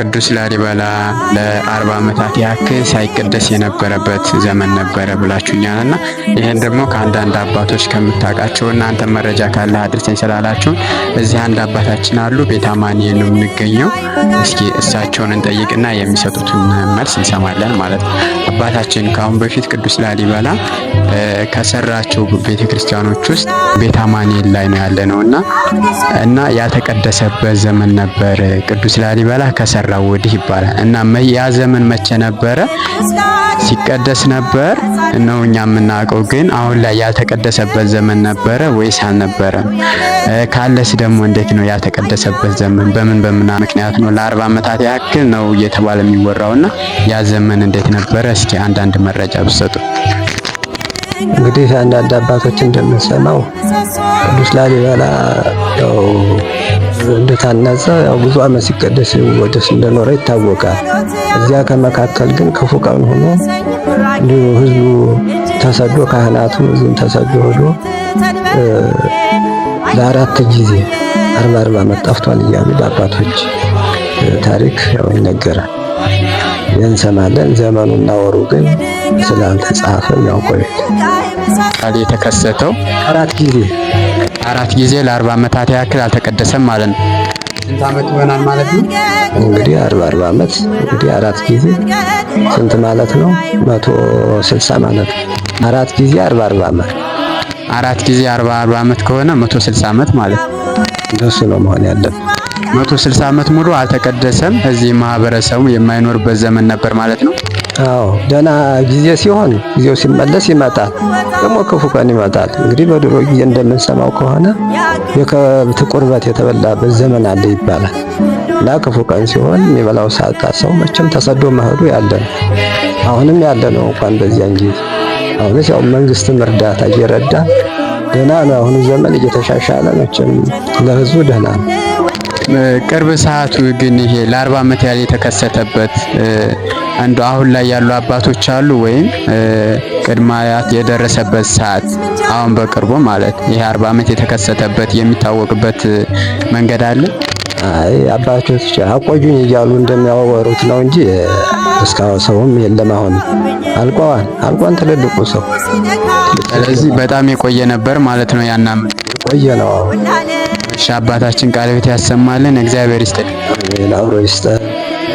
ቅዱስ ላሊበላ ለአርባ ዓመታት ያክል ሳይቀደስ የነበረበት ዘመን ነበረ ብላችሁኛል እና ይህን ደግሞ ከአንዳንድ አባቶች ከምታውቃቸው እና አንተ መረጃ ካለ አድርሰኝ ስላላችሁን እዚህ አንድ አባታችን አሉ። ቤታማኒ ነው የምንገኘው። እስኪ እሳቸውን እንጠይቅና የሚሰጡትን መልስ እንሰማለን ማለት ነው። አባታችን ከአሁን በፊት ቅዱስ ላሊበላ ከሰራቸው ቤተ ክርስቲያኖች ውስጥ ቤታማኒን ላይ ነው ያለ ነው እና እና ያልተቀደሰበት ዘመን ነበር ቅዱስ ላሊበላ ከሰራ ከጠራው ወዲህ ይባላል እና ያ ዘመን መቼ ነበረ? ሲቀደስ ነበር ነው እኛ የምናውቀው። ግን አሁን ላይ ያልተቀደሰበት ዘመን ነበረ ወይስ አልነበረም? ካለስ ደግሞ እንዴት ነው ያልተቀደሰበት ዘመን? በምን በምን ምክንያት ነው? ለአርባ ዓመታት ያክል ነው እየተባለ የሚወራውና ያ ዘመን እንዴት ነበረ? እስኪ አንዳንድ መረጃ ብሰጡ። እንግዲህ አንዳንድ አባቶች እንደምንሰማው ቅዱስ ላሊበላ እንደታነጸ ብዙ ዓመት ሲቀደስ ወደስ እንደኖረ ይታወቃል። እዚያ ከመካከል ግን ክፉ ቀን ሆኖ እንዲሁ ህዝቡ ተሰዶ ካህናቱ ህዝቡም ተሰዶ ሆዶ ለአራት ጊዜ አርባ አርባ ዓመት ጠፍቷል እያሉ በአባቶች ታሪክ ያው ይነገራል፣ እንሰማለን። ዘመኑና ወሩ ግን ስላልተጻፈ ያው ቆይ የተከሰተው አራት ጊዜ አራት ጊዜ ለአርባ ዓመታት ያክል አልተቀደሰም ማለት ነው። ስንት ዓመት ይሆናል ማለት ነው? እንግዲህ አርባ አርባ ዓመት እንግዲህ አራት ጊዜ ስንት ማለት ነው? መቶ ስልሳ ማለት ነው። አራት ጊዜ አርባ አርባ ዓመት አራት ጊዜ አርባ አርባ ዓመት ከሆነ መቶ ስልሳ ዓመት ማለት ነው። እንደሱ ነው መሆን ያለብን። መቶ ስልሳ ዓመት ሙሉ አልተቀደሰም። እዚህ ማህበረሰቡ የማይኖርበት ዘመን ነበር ማለት ነው። አዎ ደህና ጊዜ ሲሆን ጊዜው ሲመለስ ይመጣል። ደግሞ ክፉ ቀን ይመጣል። እንግዲህ በድሮ ጊዜ እንደምንሰማው ከሆነ የከብት ቁርበት የተበላበት ዘመን አለ ይባላል እና ክፉ ቀን ሲሆን የሚበላው ሳጣ ሰው መቼም ተሰዶ መሄዱ ያለ ነው። አሁንም ያለ ነው እንኳን በዚያን ጊዜ አሁንስ ያው መንግስትም እርዳታ እየረዳ ደህና ነው። አሁኑ ዘመን እየተሻሻለ መቼም ለህዝቡ ደህና ነው። ቅርብ ሰዓቱ ግን ይሄ ለአርባ ዓመት ያህል የተከሰተበት እንደ አሁን ላይ ያሉ አባቶች አሉ ወይም ቅድመ አያት የደረሰበት ሰዓት አሁን በቅርቡ ማለት ይሄ 40 ዓመት የተከሰተበት የሚታወቅበት መንገድ አለ። አይ አባቶች አቆዩኝ እያሉ እንደሚያወሩት ነው እንጂ እስካሁን ሰውም የለም። አሁን አልቋዋን አልቋን ትልልቁ ሰው ስለዚህ በጣም የቆየ ነበር ማለት ነው። ያናም የቆየ ነው። እሺ አባታችን ቃለ ቤት ያሰማልን። እግዚአብሔር ይስጥልን። አብሮ ይስጥልን።